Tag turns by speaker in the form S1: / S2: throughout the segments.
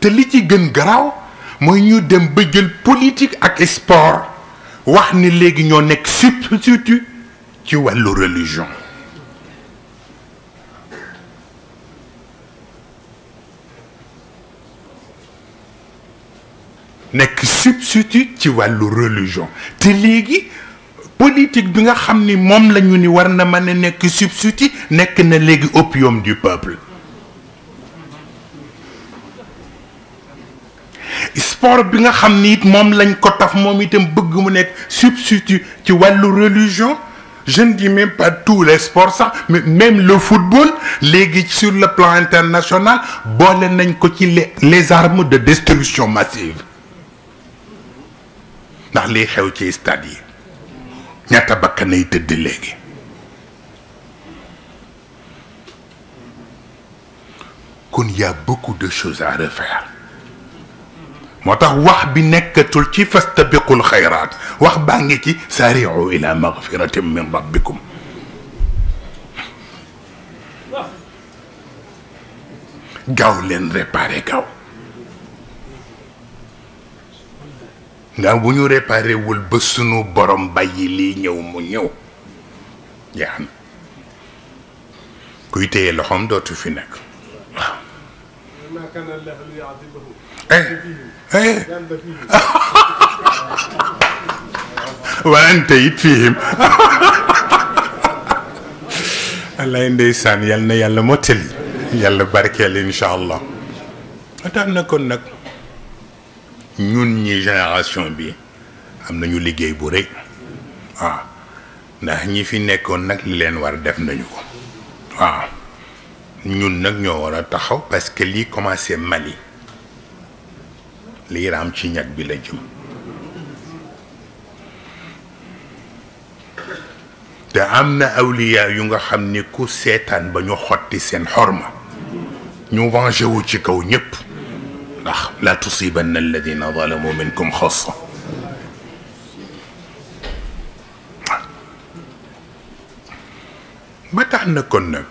S1: te li ci gën garaaw mooy ñu dem ba jël politique ak sport wax ni léegi ñoo nekk substitut ci wàllu religion wàllu religion te léegi politique bi nga xam ni moom lañu ni war na mën a nekk substitut nekk na léegi opium du peuple sport bi nga xam ni it moom lañ ko taf moom itam bëgg mu nekk substitut ci wàllu religion je ne dis même pas tous les sports sax mais même le football léegi sur le plan international boole nañ ko ci les armes de destruction massive ndax liy xew ci stade yi ñaata bakkan ay tëdd léegi kon y beaucoup de choses à refaire moo tax wax bi nekkatul ci fastabiqul xayraat wax baa ngi ci saariu ila magfiratin min rabbikum gaaw leen réparé gaaw ndax bu ñu reparewul ba sunu borom bàyyi lii ñëw mu ñëw jeex na kuy téye loxoom dootu fi nekk كان الله ليعذبهم جنب فيهم وانت it فيهم wallaay ndeysaan yal na yàlla motel yàlla barkeel incha allah tax na kon nag ñun ñi génération bi am nañu liggéey bu rëy waaw ndax ñi fi nekkoon nag li leen war def nañu ko waaw ñun nag ñoo war a taxaw parce que lii commencé Mali lii raam ci ñag bi la jëm te am na awliya yu nga xam ni ku seetaan ba ñu xotti seen xorma ñu vengé wu ci kaw ñëpp ndax la tusibanna alladina zalamu minkum xassa ba tax na kon nag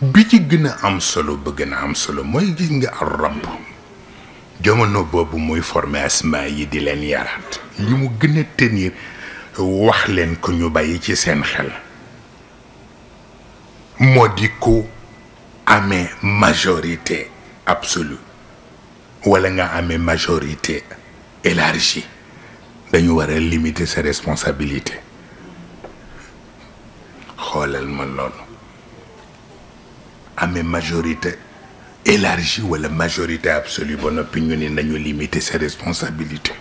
S1: bi ci gën a am solo ba gën a am solo mooy gis nga am ramb jamono boobu muy formé asma yi di leen yaraat ñu mu gën a tenir wax leen ko ñu bàyyi ci seen xel moo di ko amee majorité absolue wala nga amee majorité élargie dañu war a limiter sa responsabilité xoolal ma loolu amee majorité élargie wala majorité absolue ba noppi ñu ne nañu limiter ses responsabilités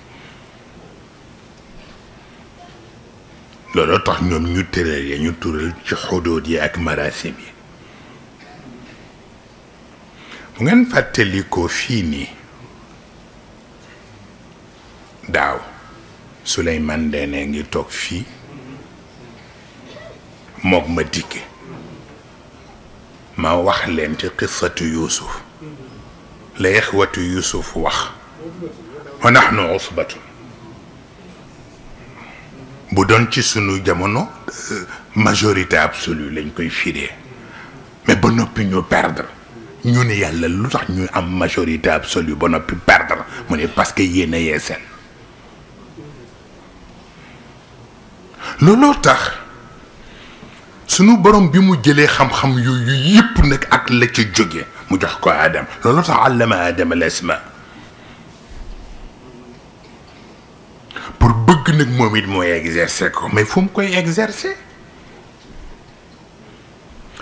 S1: loolu tax ñoom ñu tëral ya ñu tural ci xodóot yi ak marasim yi bu ngeen fàttali ko fii nii daaw Souleymane Ndéné ngi toog fii mook ma dikke ma wax leen ci qissatu yuusuf la ixwatu yuusuf wax wa nahnu usbatun bu doon ci sunu jamono euh, majorité absolue lañ koy firee mais ba noppi ñu perdre ñu ne yàlla lu tax ñu am majorité absolue ba noppi perdre mu ne parce que yéen a looloo tax sunu borom bi mu jëlee xam-xam yooyu yëpp nag ak la ca jóge mu jox ko Adam loolu tax allama Adama al asma pour bëgg nag moom it mooy exercer ko mais fu mu koy exercer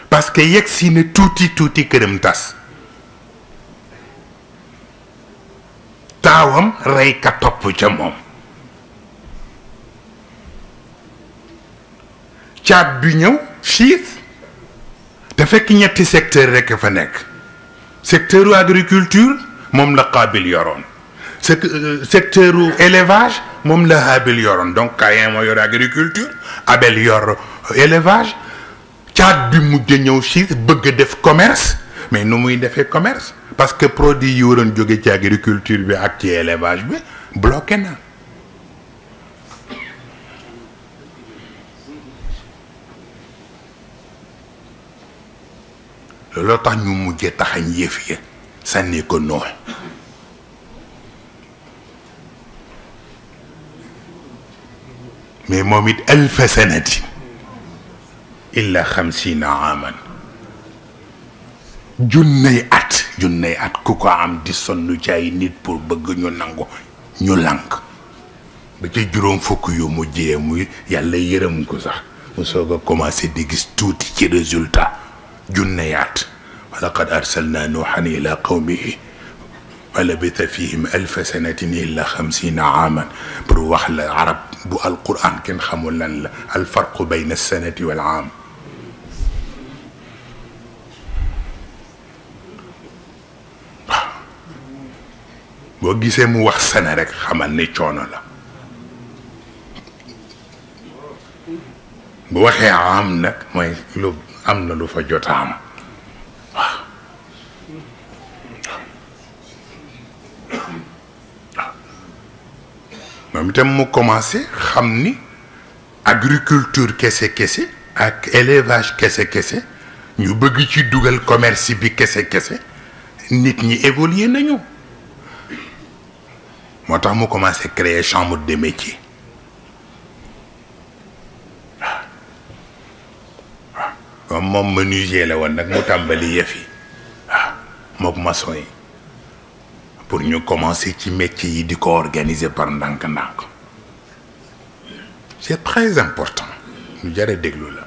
S1: parce que yegg si ne tuuti tuuti këram tas taawam rey ka topp ca moom caat bi ñëw chiffre te fekk ñetti secteur rekk fa nekk secteuru agriculture moom la Qaabil yoroon euh, secteuru élevage moom la Haabil yoroon donc Caïn moo yor agriculture Abel yor élevage caat bi mujj ñëw chiffre bëgg def commerce mais nu muy defee commerce parce que produit yi waroon jóge ci agriculture bi ak ci élevage bi bloqué na loo tax ñu mujje taxañ yëf ya sànni ko noox mais moom it alfa sanatin illa xamsina aman junnay at junnay at ku ko am di sonn ci ay nit pour bëgg ñu nangu ñu lànk ba ca juróom fukk yu mujjee muy yàlla yërëm ko sax mu soog a commencé di gis tuuti ci résultat junnay at walaqad arsalna nuuxan ila qawmihi fa labitha fihim alfa sanatin illa xamsina aaman pour wax la arab bu alquran kenn xamul lan la alfarqu bayna sanati wal aam waaw boo gisee mu wax sana rek xamal ni coono la bu waxee aam nag mooy lu am na lu fa jot a am itam mu commencé xam ni agriculture kese kese ak élevage kese kese ñu bëgg ci dugal commerce bi kese kese nit ñi évoluer nañu moo tax mu commencé créer chambre de métier waaw moom menuisier la woon nag mu tàmbali yëf yi waaw mook maçon yi pour ñu commencer ci métier yi di ko organiser par ndànk-ndànk c'est très important ñu jare déglu la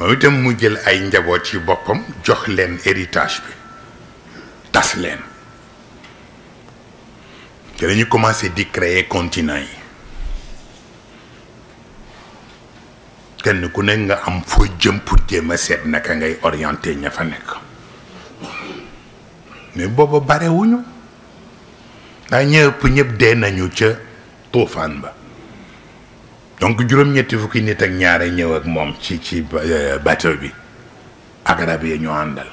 S1: moom itam mu jël ay njaboot yi boppam jox leen héritage bi tas leen te dañu commencé di créer continent yi kenn ku nekk nga am foo jëm pour jéem a seet naka ngay orienter ña fa nekk mais booba barewuñu ndax ñëpp ñëpp dee nañu ca tuufaan ba donc juróom-ñetti fukki nit ak ñaare ñëw ak moom ci ci euh, bateau bi ak rab yi ñoo àndal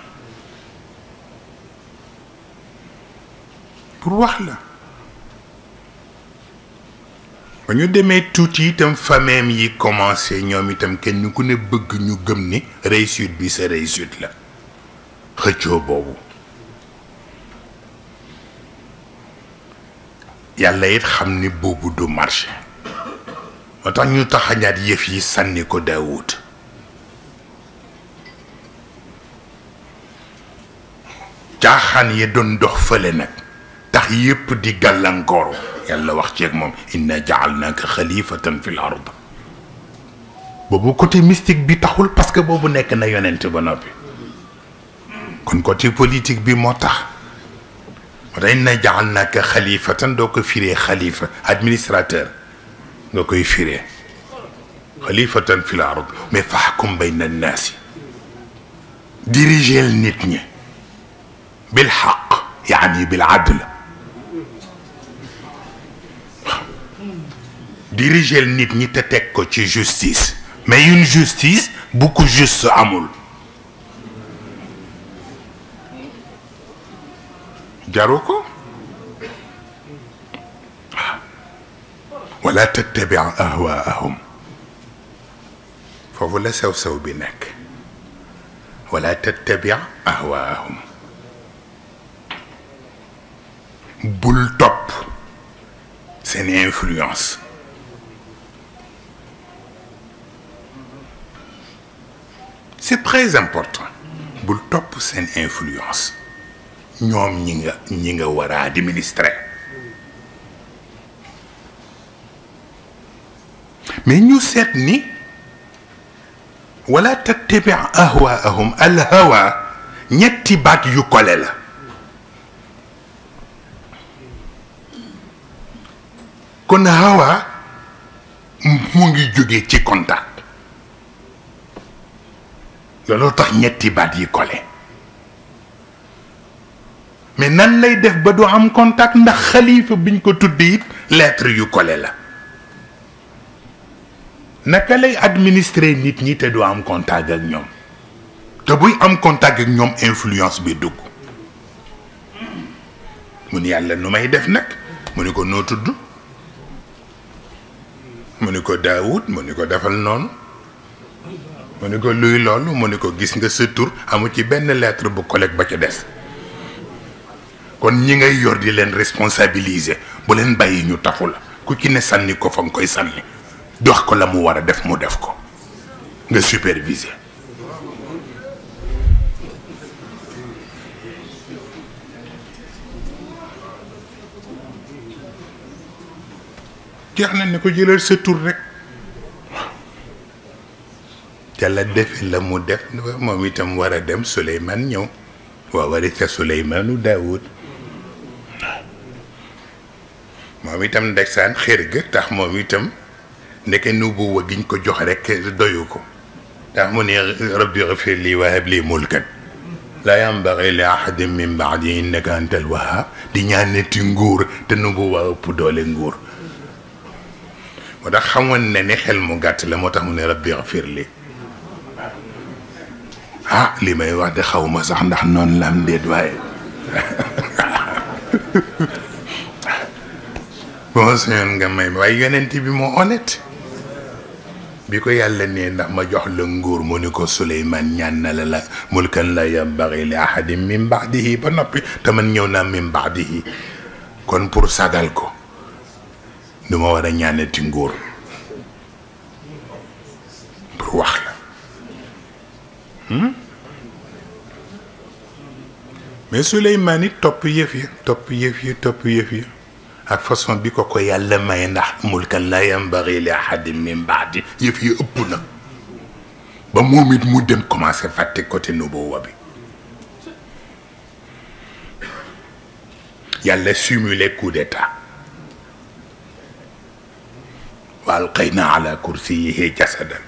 S1: pour wax la ba ñu demee tuuti itam fameem yi commencé ñoom itam kenn ku ne bëgg ñu gëm ni réussite bi sa réussite la xëccoo boobu yàlla it xam ni boobu du marché moo tax ñu taxañaat yëf yi sànni ko Daawuud caaxaan yi doon dox fële nag tax yépp di gàllankooru yàlla wax ceeg moom indi inna jaalnaaka xalifatan fil ard boobu côté mystique bi taxul parce que boobu nekk na yonent ba noppi kon côté politique bi moo tax moo tax inna jaxal naka xalifa tan doo ko firee xalifa administrateur nga koy firee xalifatan fil ard mais faxkum bayna naasi nit ñi bil xaq yaani bil adl dirigeel nit ñi te teg ko ci justice mais une justice bu ko juste amul jaru ko wala tattabi ahwaahum foofu la sew-sew bi nekk wala tattabi ahwaahum bul topp seen influence c'est très important bul topp seen influence ñoom ñi nga ñi nga war a administrer mais ñu seet ni wala tattabi ahwaahum alhawa ñetti baat yu kole la kon hawa mu ngi jóge ci contact looloo tax ñetti baat yi kole mais nan lay def ba du am contact ndax xalifa biñ ko tudd it lettre yu kole la naka lay administrer nit ñi te du am contact ak ñoom te buy am contact ak ñoom influence bi dugg mu ni yàlla nu may def nag mu ne ko noo tudd mu ne ko Daawud mu ni ko defal noonu mu ne ko luy loolu mu ne ko gis nga sa tur amu ci benn lettre bu collé ba ca des kon ñi ngay yor di leen responsabiliser bu leen bàyyi ñu tafu la ku ci ne sànni ko fa nga koy sànni dox ko la mu war a def mu def ko nga superviser jeex na ne ko jëlal sa tur rek yàlla defe la mu def moom itam war a dem Suleymaan ñëw wa warisa Suleymaanu Daawud moom itam ndeysaan xër ga tax moom itam ndeke nubuwa giñ ko jox rek doyu ko tax mu ne rabbi ghfir li wa hab li mulkan laa yanbaghi li ahadin min ba'di innaka antal wahhab di ñaaneti nguur te nubuwa ëpp doole nguur moo tax xamoon na ni xel mu gàtt la moo tax mu ne rabbi ghfir li ah li may wax de xaw ma sax ndax noonu la déet waaye boo sañoon nga may waaye yonent bi moo honnête bi ko yàlla nee ndax ma jox la nguur mu ni ko Suleymaan ñaan na la la mulkan la yambagi li ahadin min baadihi ba noppi te man ñëw naa min baadihi kon pour sagal ko du ma war a ñaanati nguur pour wax la hmm? mais Suleymaan it topp yëf yi topp yëf yi topp yëf yi ak façon bi ko ko yàlla may ndax mulkan la yambari li ahadin min baadi yëf yi ëpp na ba moom it mu dem commencé fàtte côté nubuwa bi yàlla simulé coup d'état wa alqayna ala kursiyihi jasadan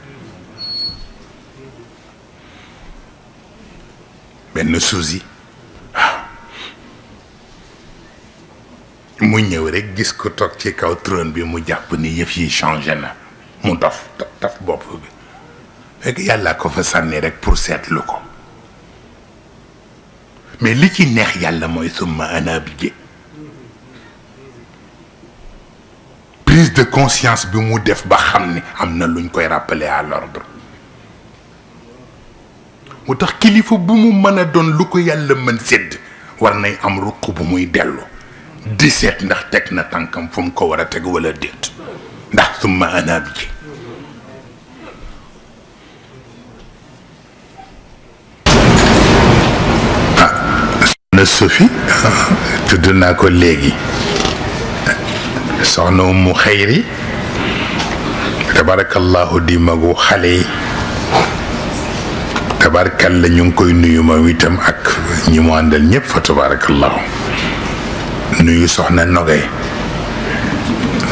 S1: benn suusi mu ñëw rek gis ko toog ci kaw trone bi mu jàpp ni yëf yi changé na mu dof taf bopp bi fekk yàlla ko fa sànni rek pour seetlu ko mais li ci neex yàlla mooy summa ana bi prise de conscience bi mu def ba xam ni am na luñ koy rappeler à l'ordre mu tax kilifa bu mu mën a doon lu ko yàlla mën sedd war nay am ruq bu muy dellu di seet ndax teg na tànkam fu mu ko war a teg wala déet ndax summa anaab ji soxna tudd naa ko léegi soxna mu xayri tabarakallahu di magu xale yi tabarakal la ngi koy nuyu moom itam ak ñi mu àndal ñëpp fa tabarakallahu nuyu soxna Nogay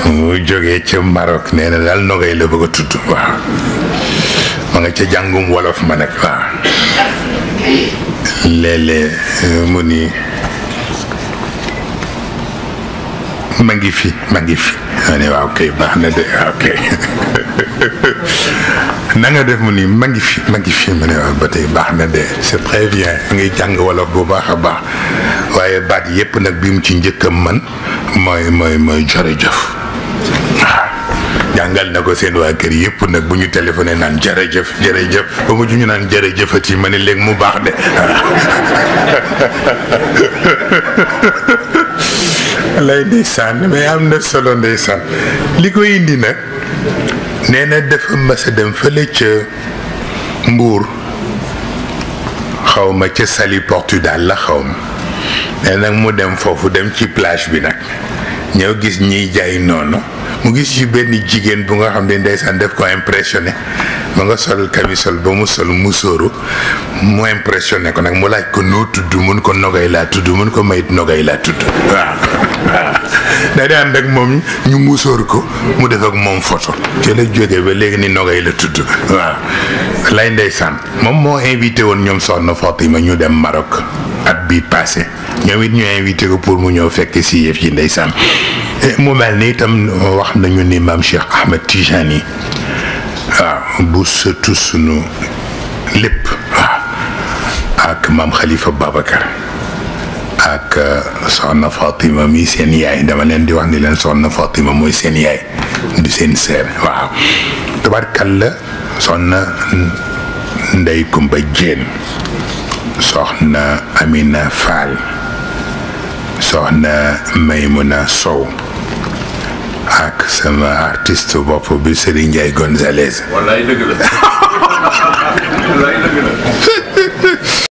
S1: mu jógee ca Maroc nee na daal Nogay la bëgg a tudd waaw ma nga ca jàngum wolof ma nekk waaw léeg-léeg mu ni ma ngi fi ma ngi fi ma ne waaw kay baax na de waaw kay na nga def mu ni ma ngi fi ma ngi fi ma ne waaw ba tey baax na de c'est très bien ngay jàng wolof bu baax a baax waaye baat yépp nag bii mu ci njëkkam man mooy mooy mooy jërëjëf jàngal na ko seen waa kër yépp nag bu ñu téléphoné naan jërëjëf jërëjëf ba mu ju ñu naan jërëjëfati ma ne léegi mu baax de lay ndeysaan mais am na solo ndeysaan li koy indi nag nee na dafa mës dem fële ca Mbuur xawma ca Saly Portudal la xawma nee nag mu dem foofu dem ci plage bi nag ñëw gis ñuy jaay noonu mu gis ci benn jigéen bu nga xam ne ndeysaan def ko impressionné ma nga sol camisole ba mu sol musóoru mu impressionné ko nag mu laaj ko noo tudd mun ko nogay laa tudd mun ko mayit nogay laa tudd waaw da di ànd ak moom ñu musóor ko mu def ak moom photo ci la jóge ba léegi ni nogay la tudd waaw lay ndeysaan moom moo invité woon ñoom soxna ma ñu dem Maroc at bi passé ñoom it ñu invité ko pour mu ñëw fekk si yëf yi ndeysaan mu mel ni itam wax nañu ni maam Cheikh Ahmed Tijani ah, bu sëtu sunu lépp ah, ak maam Khalifa Babacar ak ah, soxna Fatima mi seen yaay dama leen di wax ni leen soxna Fatima mooy seen yaay di seen seer waaw tabarkalla soxna Ndey Kumba Jéen soxna Amina Fall soxna Maymuna Sow ak sama artiste bopp bi Serigne Ndiaye Gonzalez. wallaay dëgg la